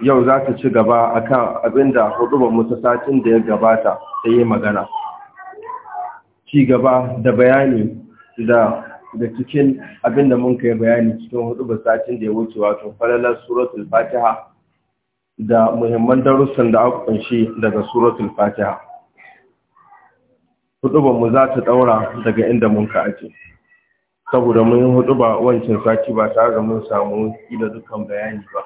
yau za ta ci gaba akan abinda hudubar ta satin da ya gabata ta yi magana ci gaba da bayani da cikin cikin abinda mun kai bayani cikin hudubar satin da ya wuce wato falalar suratul fatiha da muhimman darussan da aka kunshi daga suratul fatiha hudubar mu za ta daura daga inda mun ka ake saboda mun hudu ba wancan sati ba tare da mun samu ila dukkan bayani ba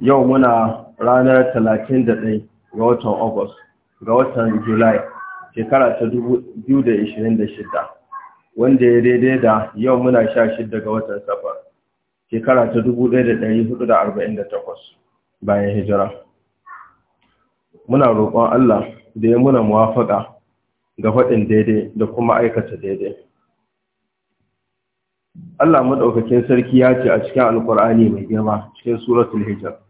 yau muna ranar 31 ga watan August ga watan July shekara ta 2026 wanda ya daidai da yau muna 16 ga watan Safar shekara ta 1448 bayan hijira. Muna roƙon Allah da ya muna muwafaka ga faɗin daidai da kuma aikata daidai. Allah maɗaukakin sarki ya ce a cikin Alƙur'ani mai girma cikin Suratul Hijr.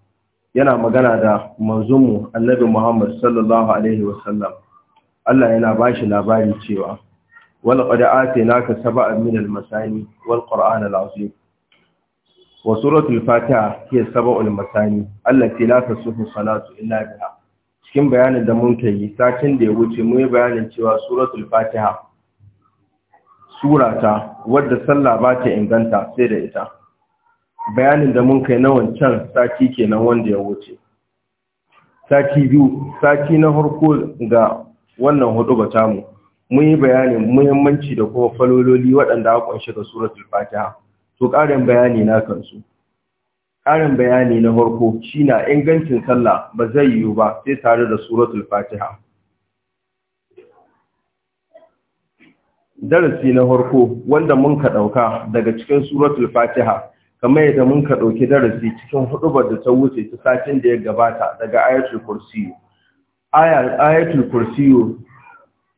yana magana da Manzunmu, annabi Muhammad sallallahu alaihi wasallam Allah yana bashi labari cewa wal qad atinaka sab'an min al masani wal qur'an al wa suratul fatiha hiya sab'ul masani allati la tasuhu salatu illa biya. cikin bayanin da mun yi, satin da ya wuce mu yi bayanin cewa suratul fatiha surata wadda sallah ba ta inganta sai da ita bayanin da mun kai na wancan sati kenan wanda ya wuce sati biyu sati na harko ga wannan hudu ba tamu mun yi bayanin muhimmanci da kuma falololi waɗanda aka ƙunshi ga suratul tulfatiya to ƙarin bayani na kansu ƙarin bayani na harko shi na ingancin sallah ba zai yiwu ba sai tare da suratul tulfatiya darasi na harko wanda mun ka ɗauka daga cikin suratul fatiha kamar yadda mun ka ɗauki darasi cikin hudubar da ta wuce ta satin da ya gabata daga ayatul kursiyu ayatul kursiyu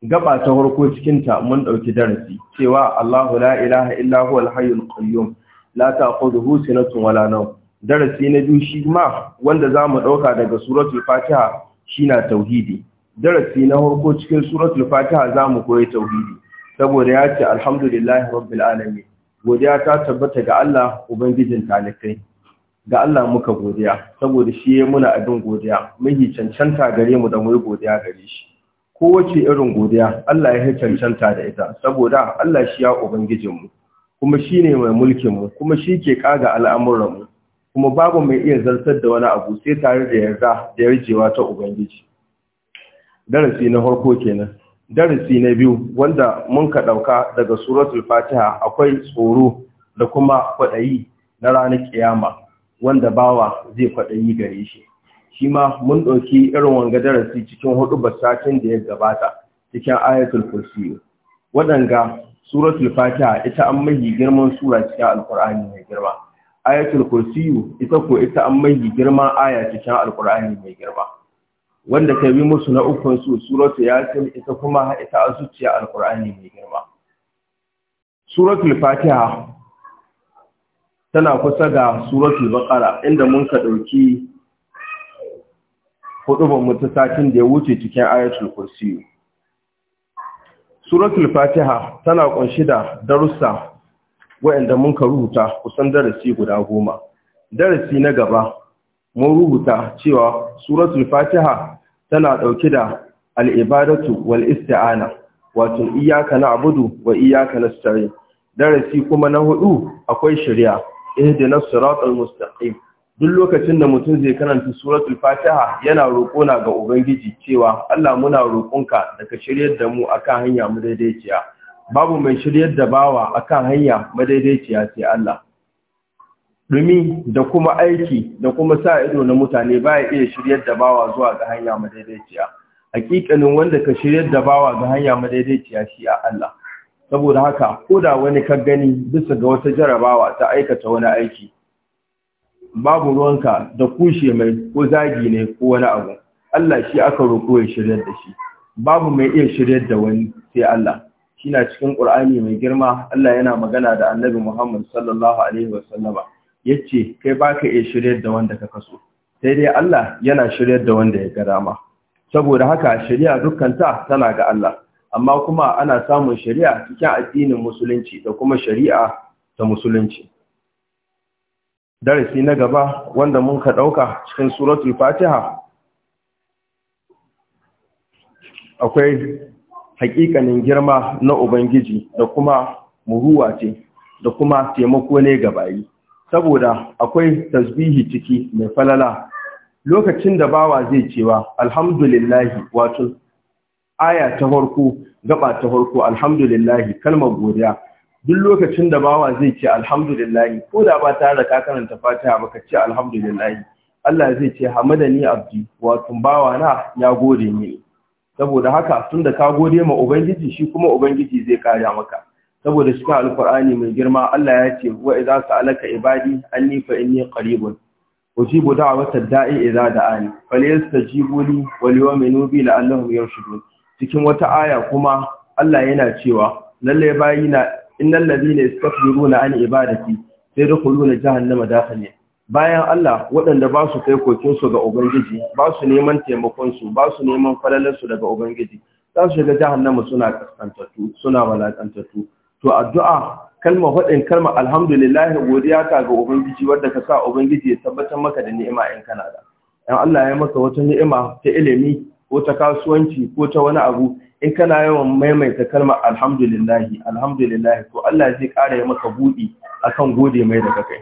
gaba ta harko cikin ta mun ɗauki darasi cewa Allahu la ilaha illa huwa al-hayyul qayyum la ta'khudhuhu sinatun wala nawm darasi na biyu shi ma wanda mu ɗauka daga suratul fatiha shine tauhidi darasi na farko cikin suratul fatiha zamu koyi tauhidi saboda ya ce alhamdulillahi rabbil alamin godiya ta tabbata ga Allah ubangijin talikai ga Allah muka godiya saboda shi ya muna abin godiya yi cancanta gare mu da mu godiya gare shi kowace irin godiya Allah ya cancanta da ita saboda Allah shi ya ubangijin mu kuma shine mai mulkin mu kuma shi ke kaga al'amuran mu kuma babu mai iya zartar da wani abu sai tare da yarda da yarjewa ta ubangiji darasi na farko kenan darasi na biyu wanda mun ka ɗauka daga suratul fatiha akwai tsoro da kuma kwaɗayi na ranar ƙiyama, wanda bawa zai kwaɗayi gare shi shi ma mun ɗauki irin wanga darasi cikin hudu basashen da ya gabata cikin ayatul kursi waɗanga suratul fatiha ita an mahi girman sura cikin alkur'ani mai girma ayatul kursi ita ko ita an mahi girman aya cikin alkur'ani mai girma wanda ka bi musu na ukun su suratu yasin ita kuma ita azuciya alqur'ani mai girma suratul fatiha tana kusa ga suratul baqara inda mun ka dauki hudubar mutu satin da ya wuce cikin ayatul kursi suratul fatiha tana kunshi da darussa wa'anda mun ka rubuta kusan darasi guda goma darasi na gaba mun rubuta cewa suratul fatiha tana ɗauke da al'ibadatu wal isti'ana wato iyaka na abudu wa iyaka na stare darasi kuma na hudu akwai shirya. shari'a ihdinas siratal mustaqim duk lokacin da mutum zai karanta suratul fatiha yana roƙo na ga ubangiji cewa Allah muna roƙonka daga shiryar da mu akan hanya madaidaiciya babu mai shiryar da bawa akan hanya madaidaiciya sai Allah dumi da kuma aiki da kuma sa ido na mutane baya iya shiryar da bawa zuwa ga hanya madaidaiciya hakikanin wanda ka shiryar da bawa ga hanya madaidaiciya shi a Allah saboda haka koda wani ka gani bisa ga wata jarabawa ta aikata wani aiki babu ruwanka da kushe mai ko zagi ne ko wani abu Allah shi aka roƙo ya shiryar da shi babu mai iya shiryar da wani sai Allah shi na cikin ƙur'ani mai girma Allah yana magana da Annabi Muhammad sallallahu alaihi wasallama yace kai baka iya shiryar da wanda ka kaso sai dai Allah yana shiryar da wanda ya ga dama saboda haka shari'a dukkanta tana ga Allah amma kuma ana samun shari'a cikin addinin musulunci da kuma shari'a ta musulunci darasi na gaba wanda mun ka dauka cikin suratul fatiha akwai hakikanin girma na ubangiji da kuma muruwa ce da kuma taimako ne ga bayi saboda akwai tasbihi ciki mai falala lokacin da bawa zai cewa alhamdulillahi wato aya ta farko gaba ta farko alhamdulillahi kalmar godiya duk lokacin da bawa zai ce alhamdulillahi ko da ba tare da ka karanta fatiha ba ka ce alhamdulillahi Allah zai ce hamadani abdi wato bawa na ya gode ni'? saboda haka tunda ka gode ma ubangiji shi kuma ubangiji zai kare maka saboda cikin alkur'ani mai girma Allah ya ce wa idza sa'alaka ibadi anni fa inni qaribun ujibu da'wata da'i idza da'ani falyastajibu li wa na bi la'allahum yarshudun cikin wata aya kuma Allah yana cewa lalle bayina innal ladina yastakbiruna an ibadati sayadkhuluna jahannama dakhilin bayan Allah waɗanda ba su kai kokin su ga ubangiji ba su neman taimakon su ba su neman falalar su daga ubangiji za su shiga jahannama suna kaskantattu suna walakantattu to addu'a kalma faɗin kalma alhamdulillah godiya ta ga ubangiji wanda ka sa ubangiji ya tabbatar maka da ni'ima in kana da dan Allah ya maka wata ni'ima ta ilimi ko ta kasuwanci ko ta wani abu in kana yawan maimaita kalma alhamdulillah alhamdulillah to Allah zai ƙara ya maka buɗi akan gode mai daga kai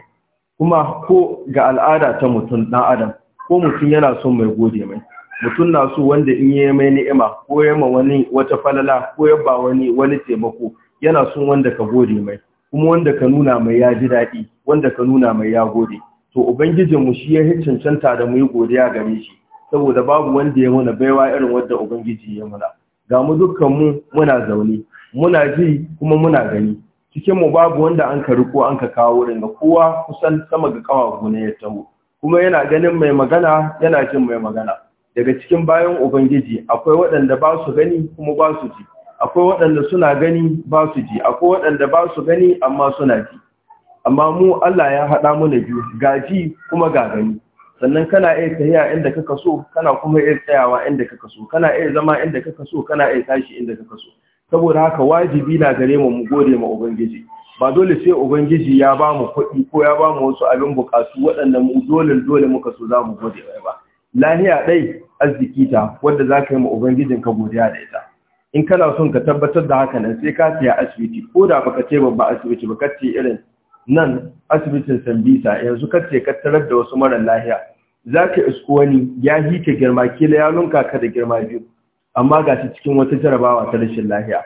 kuma ko ga al'ada ta mutum dan adam ko mutum yana son mai gode mai mutum na so wanda in yi mai ni'ima ko ya ma wani wata falala ko ya ba wani wani taimako yana son wanda ka gode mai kuma wanda ka nuna mai ya ji daɗi wanda ka nuna mai ya gode to Ubangijin mu shi ya cancanta da mu yi godiya gare shi saboda babu wanda ya muna baiwa irin wanda ubangiji ya muna ga mu dukkan mu muna zaune muna ji kuma muna gani cikin mu babu wanda an ka riko an ka kawo ringa kowa kusan sama ga kawa ne ya taho kuma yana ganin mai magana yana jin mai magana daga cikin bayan ubangiji akwai waɗanda ba su gani kuma ba su ji akwai waɗanda suna gani ba su ji akwai waɗanda ba su gani amma suna ji amma mu Allah ya haɗa mu biyu ga ji kuma ga gani sannan kana iya tafiya inda kaka so kana kuma iya tsayawa inda kaka so kana iya zama inda kaka so kana iya tashi inda kaka so saboda haka wajibi na gare mu mu gode ma ubangiji ba dole sai ubangiji ya ba mu kuɗi ko ya ba mu wasu abin bukatu waɗanda mu dole dole muka so za mu gode ba lahiya dai arziki ta wanda za ka yi ma ubangijin ka godiya da ita in kana son ka tabbatar da haka nan sai ka saya asibiti ko da baka ce babba asibiti ba ce irin nan asibitin sambisa yanzu kace ka tarar da wasu mara lahiya za ka isko wani ya yi ka girma kila ya nunka ka da girma biyu amma ga shi cikin wata jarabawa ta rashin lahiya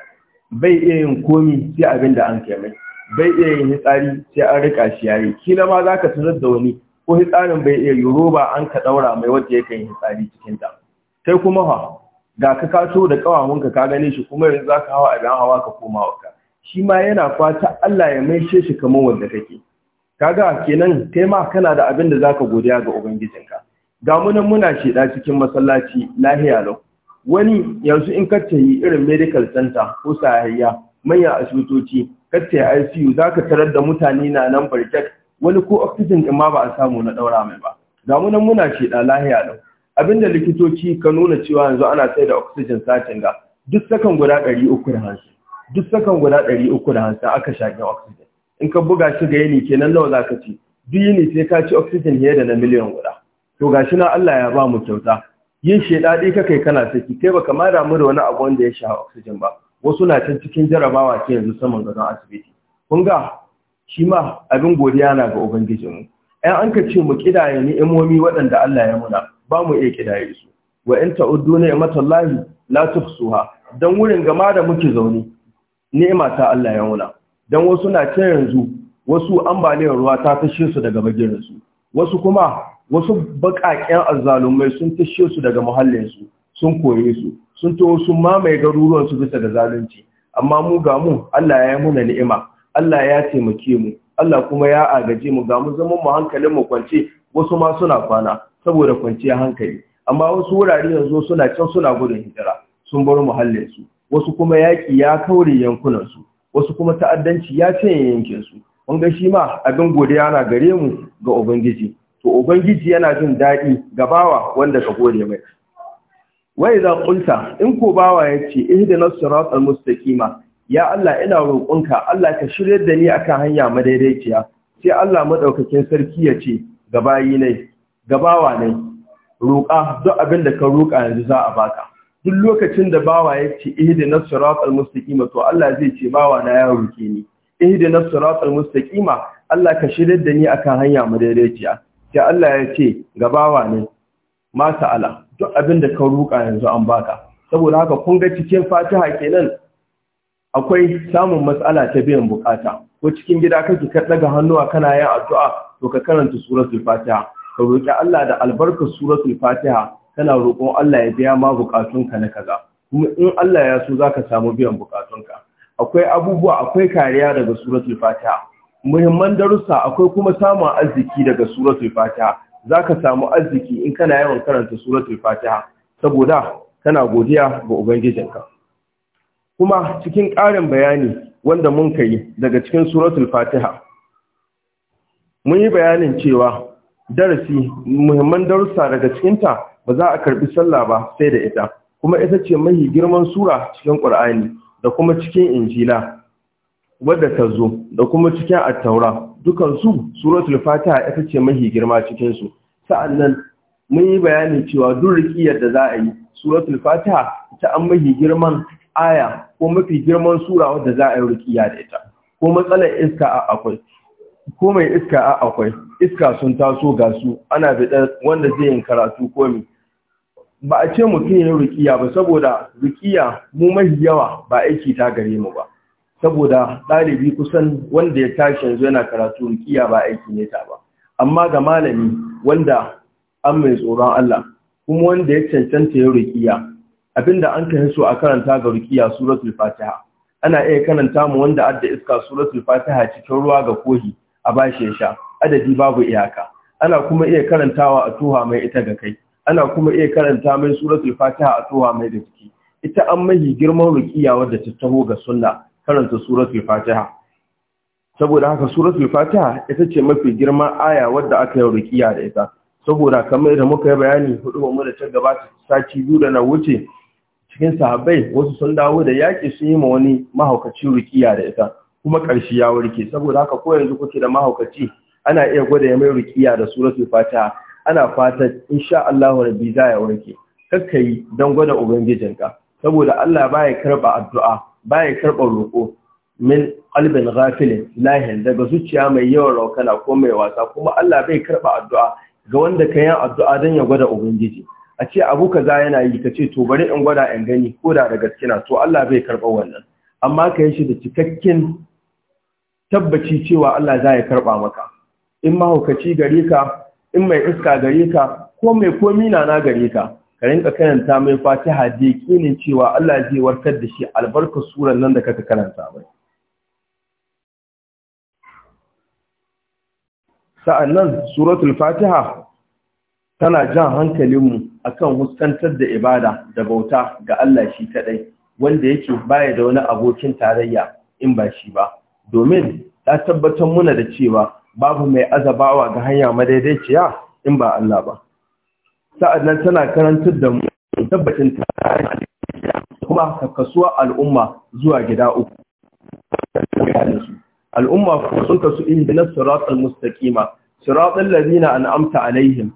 bai iya yin komi sai abin da an kai mai bai iya yin hitsari sai an rika shi yayi kila ma za ka tarar da wani ko hitsarin bai iya yi an ka daura mai wanda yake yin hitsari cikin ta kai kuma fa ga ka kaso da kawawanka ka gane shi kuma yanzu za ka hawa abin hawa ka koma waka shi ma yana fata Allah ya maishe shi kamar wanda kake kaga kenan kai ma kana da abin da zaka godiya ga ubangijinka ga munan muna sheda cikin masallaci lahiya lau wani yanzu in ka yi irin medical center ko sahayya manyan asibitoci ka tayi ICU zaka tarar da mutane na nan barkat wani ko oxygen din ma ba a samu na ɗaura mai ba ga munan muna sheda lahiya lau abinda likitoci ka nuna cewa yanzu ana sai da oxygen satin ga duk sakan guda 350 duk sakan guda aka shaƙi oxygen in ka buga shi ga yini kenan nawa zaka ci duk yini sai ka ci oxygen fiye da na miliyan guda to gashi na Allah ya ba mu kyauta yin shedadi ka kai kana saki kai baka ma damu da wani abu wanda ya sha oxygen ba wasu na can cikin jarabawa ke yanzu saman gadon asibiti kun ga shi ma abin godiya na ga ubangijinmu ɗan an ka ce mu kidaye ni'imomi waɗanda Allah ya muna ba mu iya kidaye su wa in ta'uddu lahi? la tuhsuha dan wurin gama da muke zaune ni'ima ta Allah ya wuna dan wasu na ta yanzu wasu ambaliyar ruwa ta tashe su daga bagirin su wasu kuma wasu bakaƙen azzalumai sun tashe su daga muhallin su sun koye su sun to sun mamaye garuruwan su bisa ga zalunci amma mu ga mu Allah ya yi muna ni'ima Allah ya taimake mu Allah kuma ya agaje mu ga mu zaman mu hankalin mu kwance wasu ma suna kwana saboda kwanciyar hankali amma wasu wurare yanzu suna can suna gudun hijira sun bar muhallinsu wasu kuma yaki ya kaure yankunansu wasu kuma ta'addanci ya cinye su mun ga shi ma abin godiya na gare mu ga ubangiji to ubangiji yana jin daɗi ga bawa wanda ka gode mai wai za kunta in ko bawa ya ce ihdinas siratal mustaqima ya Allah ina roƙonka Allah ka shiryar da ni akan hanya madaidaiciya sai Allah madaukakin sarki ya ce ga ne gabawa ne roƙa duk abin da ka roƙa yanzu za a baka duk lokacin da bawa ya ce ihdina siratal mustaqima to Allah zai ce bawa na ya roke ni ihdina siratal mustaqima Allah ka shirar da ni akan hanya mu daidaiciya sai Allah ya ce gabawa ne ma sa'ala duk abin da ka roƙa yanzu an baka saboda haka kun ga cikin Fatiha kenan akwai samun matsala ta biyan bukata ko cikin gida kake ka daga hannuwa kana yin addu'a to ka karanta suratul Fatiha ka roƙi Allah da albarkar suratul Fatiha kana roƙon Allah ya biya ma bukatunka na kaza kuma in Allah ya so zaka samu biyan bukatunka akwai abubuwa akwai kariya daga suratul Fatiha muhimman darussa akwai kuma samun arziki daga suratul Fatiha zaka samu arziki in kana yawan karanta suratul Fatiha saboda kana godiya ga ubangijinka kuma cikin ƙarin bayani wanda mun kai daga cikin suratul Fatiha mun yi bayanin cewa darasi muhimman darussa daga cikinta ba za a karbi sallah ba sai da ita kuma ita ce mahi girman sura cikin Qur'ani da kuma cikin Injila wadda ta zo da kuma cikin attaura, taura dukan su suratul Fatiha ita ce mahi girma cikin su sa'annan mun yi bayani cewa duk riƙiyar da za a yi suratul Fatiha ta an mahi girman aya ko mafi girman sura wadda za a yi riƙiya da ita ko matsalar iska akwai ko mai iska a akwai iska sun taso ga su ana fitar wanda zai yin karatu komi ba a ce mutum yin rukiya ba saboda rukiya mu mai yawa ba aiki ta gare mu ba saboda ɗalibi kusan wanda ya tashi yanzu yana karatu rukiya ba aiki ne ta ba amma ga malami wanda an mai tsoron Allah kuma wanda ya cancanta ya rukiya abinda an kai so a karanta ga rukiya suratul fatiha ana iya karanta mu wanda adda iska suratul fatiha cikin ruwa ga kohi a bashi ya sha adadi babu iyaka ana kuma iya karantawa a tuha mai ita ga kai ana kuma iya karanta mai suratul fatiha a tuha mai da jiki ita an mahi girman rukiya wadda ta taho ga sunna karanta suratul fatiha saboda haka suratul fatiha ita ce mafi girma aya wadda aka yi rukiya da ita saboda kamar da muka yi bayani hudu mu da ta gabata sati biyu da na wuce cikin sahabbai wasu sun dawo da yaƙi sun yi ma wani mahaukacin rukiya da ita kuma ƙarshe ya warke saboda haka ko yanzu kuke da mahaukaci ana iya gwada ya mai rukiya da suratul fatiha ana fata insha Allah rabbi za ya warke kakkai don gwada ubangijinka saboda Allah baya karba addu'a baya karba roƙo min qalbin ghafilin lahin daga zuciya mai yawan raukana ko mai wasa kuma Allah bai karba addu'a ga wanda ka yi addu'a dan ya gwada ubangiji a ce abu kaza yana yi ka ce to bari in gwada in gani ko da da gaske to Allah bai karba wannan amma ka yi shi da cikakken tabbaci cewa Allah za ya karɓa maka in mahaukaci gare ka in mai iska gare ka ko mai komi na na gare ka ka rinka karanta mai fatiha da yakinin cewa Allah zai warkar da shi albarkar suran nan da kaka karanta mai nan suratul fatiha tana jan hankalinmu a kan huskantar da ibada da bauta ga Allah shi kaɗai, wanda yake baya da wani abokin tarayya in ba shi ba domin ya tabbatar muna da cewa babu mai azabawa ga hanya madaidaiciya in ba Allah ba sa'ad nan tana karantar da mu tabbacin ta kuma kasuwa al'umma zuwa gida uku al'umma ko sun kasu ihdinas siratal mustaqima siratal ladina an'amta alaihim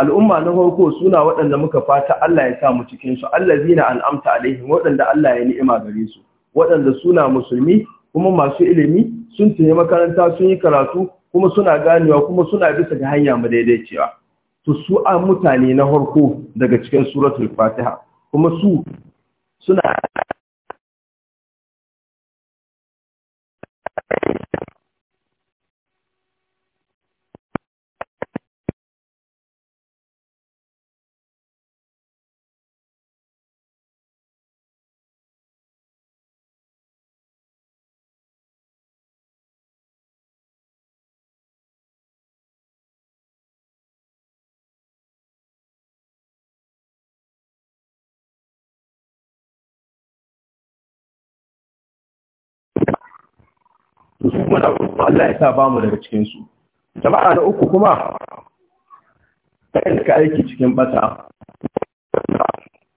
al'umma na farko suna waɗanda muka fata Allah ya sa mu cikin su allazina an'amta alaihim waɗanda Allah ya ni'ima gare su waɗanda suna musulmi kuma masu ilimi sun tuni makaranta sun yi karatu kuma suna ganewa kuma suna bisa ga hanya madaidaiciya to su a mutane na harko daga cikin suratul fatiha kuma su suna Allah ya sa ba mu daga cikinsu. Jama'a da uku kuma, kayan ka aiki cikin bata,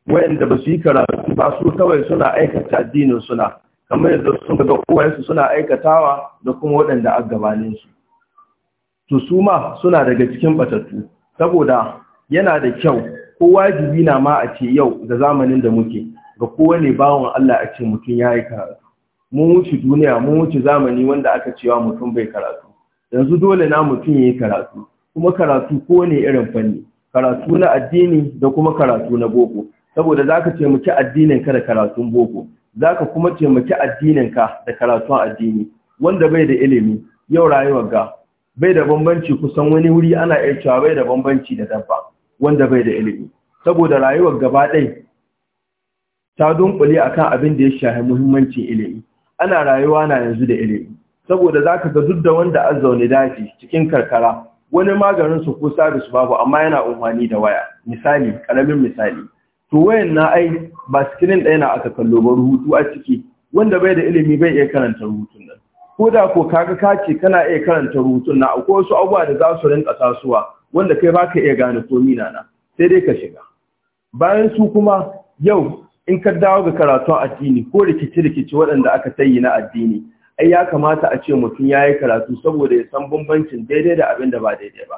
wayanda ba su yi karatu ba su kawai suna aikata addinin suna, kamar yadda sun ga uwayensu suna aikatawa da kuma waɗanda a gabaninsu. To su ma suna daga cikin batattu, saboda yana da kyau ko wajibi na ma a ce yau ga zamanin da muke ga kowane bawan Allah a ce mutum ya yi karatu. mun wuce duniya mun wuce zamani wanda aka cewa mutum bai karatu yanzu dole na mutum yi karatu kuma karatu ko ne irin fanni karatu na addini da kuma karatu na boko saboda zaka taimaki addinin ka da karatun boko zaka kuma taimaki addinin ka da karatun addini wanda bai da ilimi yau rayuwar ga bai da bambanci kusan wani wuri ana iya cewa bai da bambanci da dabba wanda bai da ilimi saboda rayuwar gaba ɗaya ta dunkule akan abin da ya shafi muhimmancin ilimi ana rayuwa na yanzu da ilimi saboda za ka duk da wanda an zaune daji cikin karkara wani maganin su ko sabis babu amma yana umarni da waya misali karamin misali to wayan na ai ba screen ɗaya na aka kallo ba rubutu a ciki wanda bai da ilimi bai iya karanta rubutun nan ko da ko kaga ka kana iya karanta rubutun nan akwai wasu abubuwa da za su rinka tasuwa wanda kai baka iya gane ko mina na sai dai ka shiga bayan su kuma yau in ka dawo ga karatun addini ko rikici-rikici waɗanda aka sayi na addini ai ya kamata a ce mutum ya yi karatu saboda ya san bambancin daidai da abin da ba daidai ba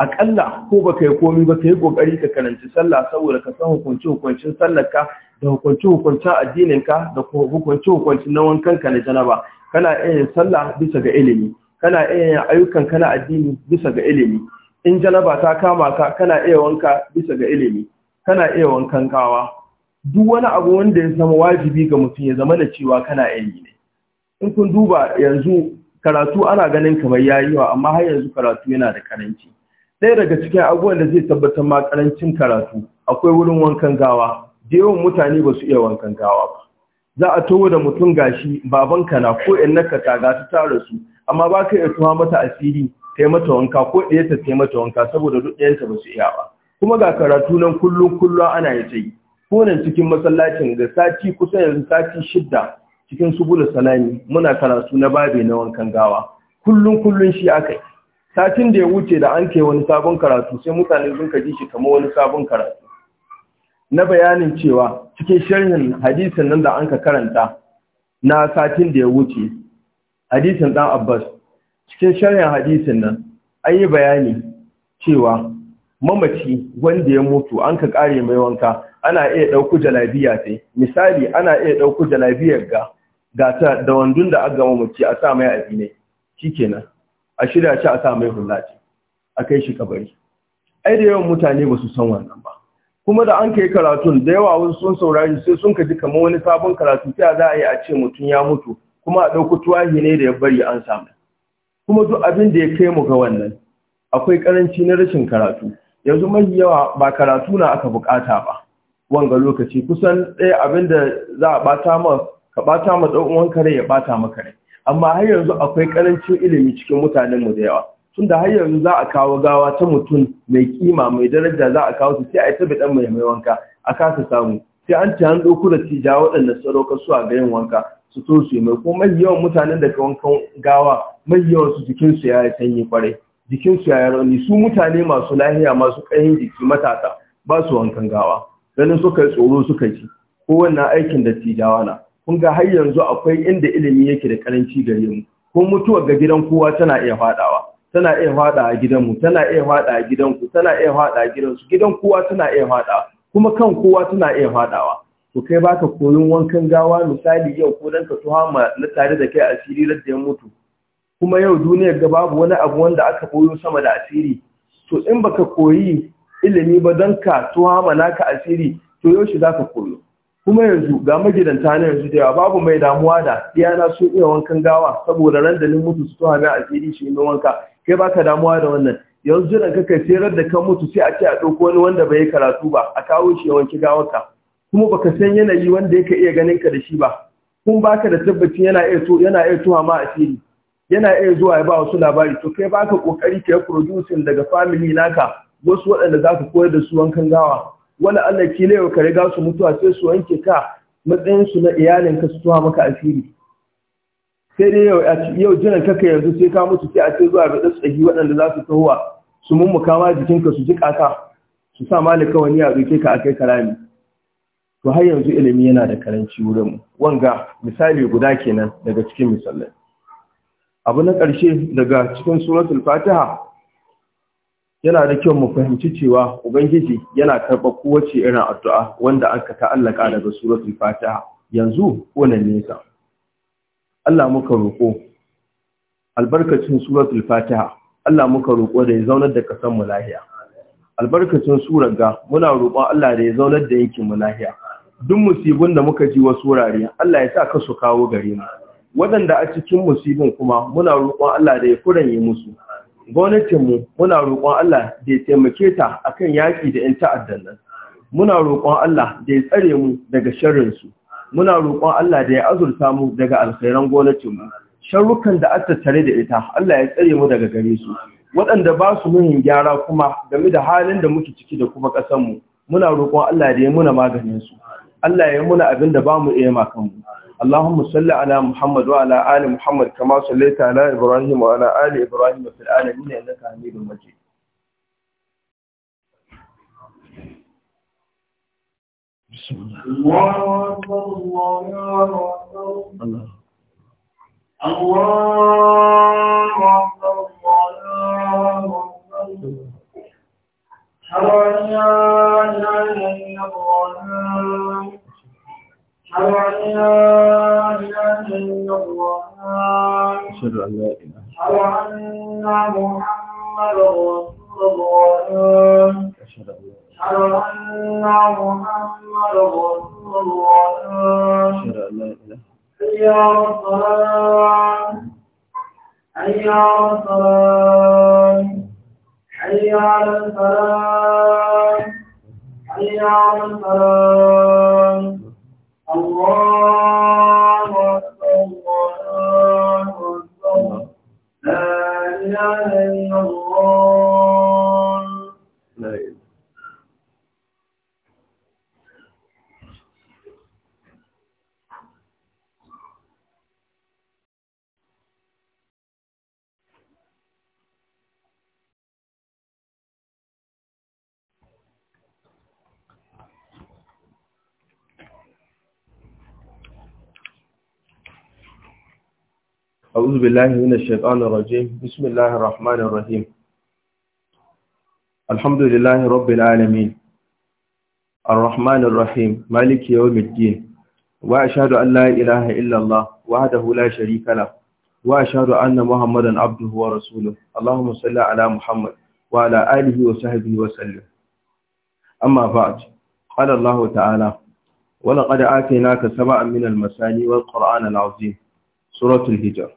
aƙalla ko ba ka yi komi ba ka yi ƙoƙari ka karanci sallah saboda ka san hukunci-hukuncin sallarka da hukunci-hukuncin ka da hukunci-hukuncin na wankan wankanka na janaba kana iya yin sallah bisa ga ilimi kana iya yin ayyukan kana addini bisa ga ilimi in janaba ta kama ka kana iya wanka bisa ga ilimi kana iya wankan kawa duk wani abu wanda ya zama wajibi ga mutum ya zama da cewa kana yi ne in kun duba yanzu karatu ana ganin kamar yayiwa, wa amma har yanzu karatu yana da karanci ɗaya daga cikin abubuwan da zai tabbatar ma karancin karatu akwai wurin wankan gawa da yawan mutane ba su iya wankan gawa ba za a taho da mutum gashi babanka na ko in naka ta ga ta tara su amma ba ka iya tuma mata asiri kai mata wanka ko ɗaya ta mata wanka saboda duk ɗayanta ba su iya ba kuma ga karatu nan kullum kullum ana yi ta yi kone cikin masallacin ga sati kusa yanzu sati shidda cikin subulu salami muna karatu na babe na wankan gawa kullun kullun shi akai satin da ya wuce da an kai wani sabon karatu sai mutane sun kaji shi kamar wani sabon karatu na bayanin cewa cikin sharhin hadisin nan da an ka karanta na satin da ya wuce hadisin dan Abbas cikin sharhin hadisin nan an yi bayani cewa mamaci wanda ya mutu an ka kare mai wanka ana iya ɗauku jalabiya ce misali ana iya ɗauku jalabiyar ga gata da wandun da aka gama mace a sa mai abi ne kenan, a shirya shi a sa mai ce a kai shi kabari ai da yawan mutane ba su san wannan ba kuma da an kai karatun da yawa wasu sun saurari sai sun ka ji kamar wani sabon karatu sai za a yi a ce mutum ya mutu kuma a ɗauku tuwahi ne da ya bari an samu kuma duk abin da ya kai mu ga wannan akwai karanci na rashin karatu yanzu mai yawa ba karatu na aka bukata ba wanga lokaci kusan ɗaya eh, da za a bata ma ka bata ma ɗan uwanka rai ya bata maka rai amma har yanzu akwai ƙarancin ilimi cikin mutanen mu da yawa tunda har yanzu za a kawo gawa ta mutum mai kima mai daraja za a kawo su sai a yi tabi dan mai mai wanka a kasa samu sai an ci an doku da ja waɗanda sadaukar su a gayin wanka su so su mai ko mai yawan mutanen da ka wankan gawa mai yawan su jikin ya yi sanyi kwarai jikin su ya yi rauni su mutane masu lahiya masu ƙayin jiki matasa ba su wankan gawa ganin suka tsoro suka ji ko wannan aikin da tijawa na kun ga har yanzu akwai inda ilimi yake da karanci gare mu ko mutuwa ga gidan kowa tana iya fadawa tana iya fada a gidan mu tana iya fada a gidan ku tana iya fada a gidan su gidan kowa tana iya fada kuma kan kowa tana iya fadawa to kai baka koyon wankan gawa misali yau ko dan ka tuhama na tare da kai asiri da ya mutu kuma yau duniyar ga babu wani abu wanda aka koyo sama da asiri to in baka koyi ilimi ba don ka tuwa mana ka asiri to yaushe za ka koyo kuma yanzu ga magidanta na yanzu da yawa babu mai damuwa da iyana su iya wankan gawa saboda nan da mutu su tuwa mai asiri shi ne wanka kai ba ka damuwa da wannan yanzu da kakai, tsayar da kan mutu sai a ce a ɗauko wani wanda bai karatu ba a kawo shi ya wanki gawarka kuma baka san yanayi wanda yake iya ganin ka da shi ba kun baka da tabbacin yana iya to yana iya tuwa ma asiri yana iya zuwa ya ba wasu labari to kai baka kokari ka yi producing daga family naka wasu waɗanda za ka koyar da su wankan gawa wani Allah ki yau ka riga su mutuwa sai su wanke ka matsayinsu na iyalin ka su maka asiri sai dai yau jiran kaka yanzu sai ka mutu sai a ce zuwa ga ɗagi waɗanda za su tahowa su mummuka ma jikinka su jiƙa ka su sa malika wani ya rike ka kai karami to har yanzu ilimi yana da karanci wurin wanga misali guda kenan daga cikin misalai abu na ƙarshe daga cikin suratul fatiha yana da kyau mu fahimci cewa ubangiji yana karɓa kowace irin addu'a wanda aka allaka daga suratul fatiha yanzu ko nan nesa Allah muka roƙo albarkacin suratul fatiha Allah muka roƙo da ya zaunar da kasan mu lahiya albarkacin surar ga muna roƙon Allah da ya zaunar da yankin mu lahiya duk musibin da muka ji wasu wurare Allah ya sa ka su kawo gare mu waɗanda a cikin musibin kuma muna roƙon Allah da ya furanye musu gwamnatinmu muna roƙon Allah da ya taimake ta a kan yaƙi da 'yan ta'addan nan muna roƙon Allah da ya tsare mu daga sharrinsu muna roƙon Allah da ya azurta mu daga alkhairan gwamnatinmu sharrukan da aka tare da ita Allah ya tsare mu daga gare su waɗanda ba su muhin gyara kuma game da halin da muke ciki da kuma ƙasanmu muna roƙon Allah da ya muna maganinsu. Allah ya muna abin da ba mu iya makanmu اللهم صل على محمد وعلى آل محمد كما صليت على إبراهيم وعلى آل إبراهيم في العالمين إنك حميد مجيد بسم الله الله أكبر الله أكبر الله الله أكبر الله أكبر الله لا الله أن لا إله إلا الله أشهد أن لا إله أو أن محمدا رسول الله أشهد أن محمدا رسول الله أشهد أن لا إله حيار الصلاة حيار الصلاة حي على الفلاح بالله من الشيطان الرجيم بسم الله الرحمن الرحيم الحمد لله رب العالمين الرحمن الرحيم مالك يوم الدين وأشهد أن لا إله إلا الله وحده لا شريك له وأشهد أن محمدا عبده ورسوله اللهم صل على محمد وعلى آله وصحبه وسلم أما بعد قال الله تعالى ولقد آتيناك سبعا من المثاني والقرآن العظيم سورة الهجر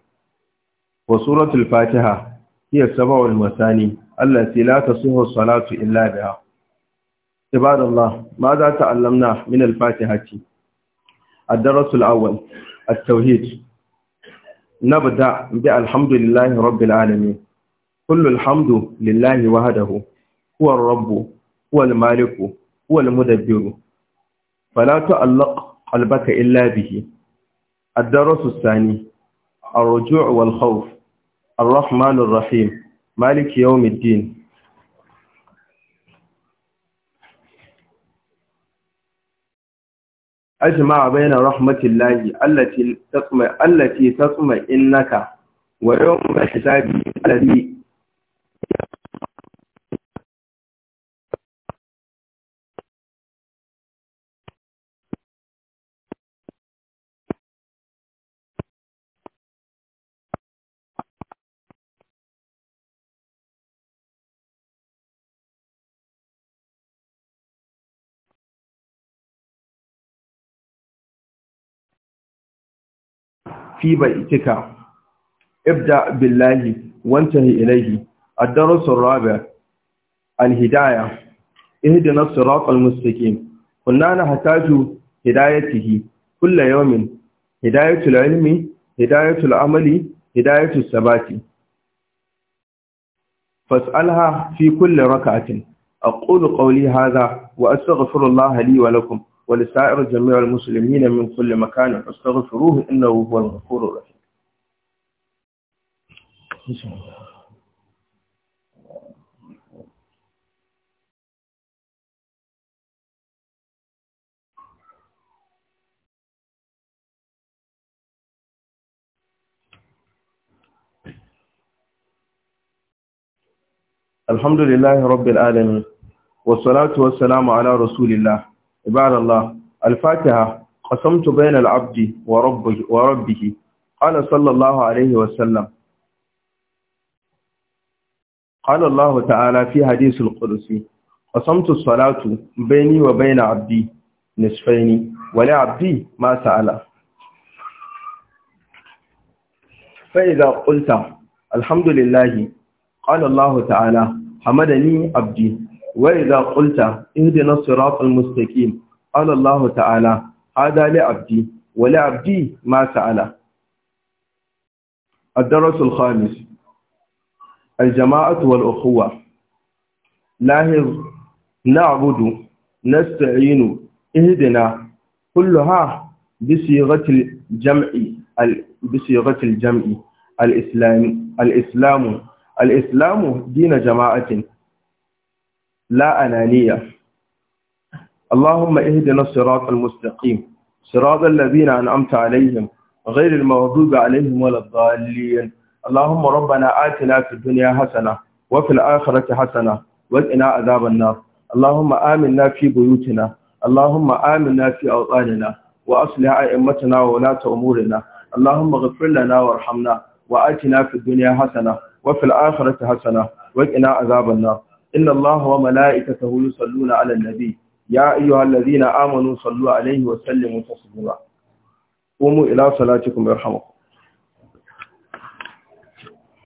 wa suratul fatiha hiya sabawul masani allati la tasuhu salatu illa biha ibadallah ماذا تعلمنا من الفاتحة الدرس الأول التوحيد نبدأ بالحمد لله رب العالمين كل الحمد لله وحده هو الرب هو المالك هو المدبر فلا تعلق قلبك إلا به الدرس الثاني الرجوع والخوف الرحمن الرحيم مالك يوم الدين أجمع بين رحمة الله التي تطمئنك ويوم حسابي الذي fi baitika ibda billahi wantahi ilayhi ad-darus ar-rabi' al-hidayah ihdina as-sirata al-mustaqim kunna nahtaju hidayatihi kull hidayatul ilmi hidayatul amali hidayatus sabati fas'alha fi kulli rak'atin aqulu qawli haza, wa astaghfirullaha li wa lakum ولسائر جميع المسلمين من كل مكان فاستغفروه إنه هو الغفور الرحيم الحمد لله رب العالمين والصلاة والسلام على رسول الله عباد الله الفاتحة قسمت بين العبد وربه, وربه قال صلى الله عليه وسلم قال الله تعالى في حديث القدسي قسمت الصلاة بيني وبين عبدي نصفين ولعبدي ما سأل فإذا قلت الحمد لله قال الله تعالى حمدني عبدي wa idza qulta ihdina as-siratal mustaqim qala Allah ta'ala hada li 'abdi wa li 'abdi ma sa'ala الدرس الخامس الجماعة والأخوة لاحظ نعبد نستعين اهدنا كلها بصيغة الجمع بصيغة الجمع الإسلام الإسلام الإسلام دين جماعة لا أنانية اللهم اهدنا الصراط المستقيم صراط الذين أنعمت عليهم غير المغضوب عليهم ولا الضالين اللهم ربنا آتنا في الدنيا حسنة وفي الآخرة حسنة وقنا عذاب النار اللهم آمنا في بيوتنا اللهم آمنا في أوطاننا وأصلح أئمتنا وولاة أمورنا اللهم اغفر لنا وارحمنا وآتنا في الدنيا حسنة وفي الآخرة حسنة وقنا عذاب النار إن الله وملائكته يصلون على النبي يا أيها الذين آمنوا صلوا عليه وسلموا تسليما قوموا إلى صلاتكم يرحمكم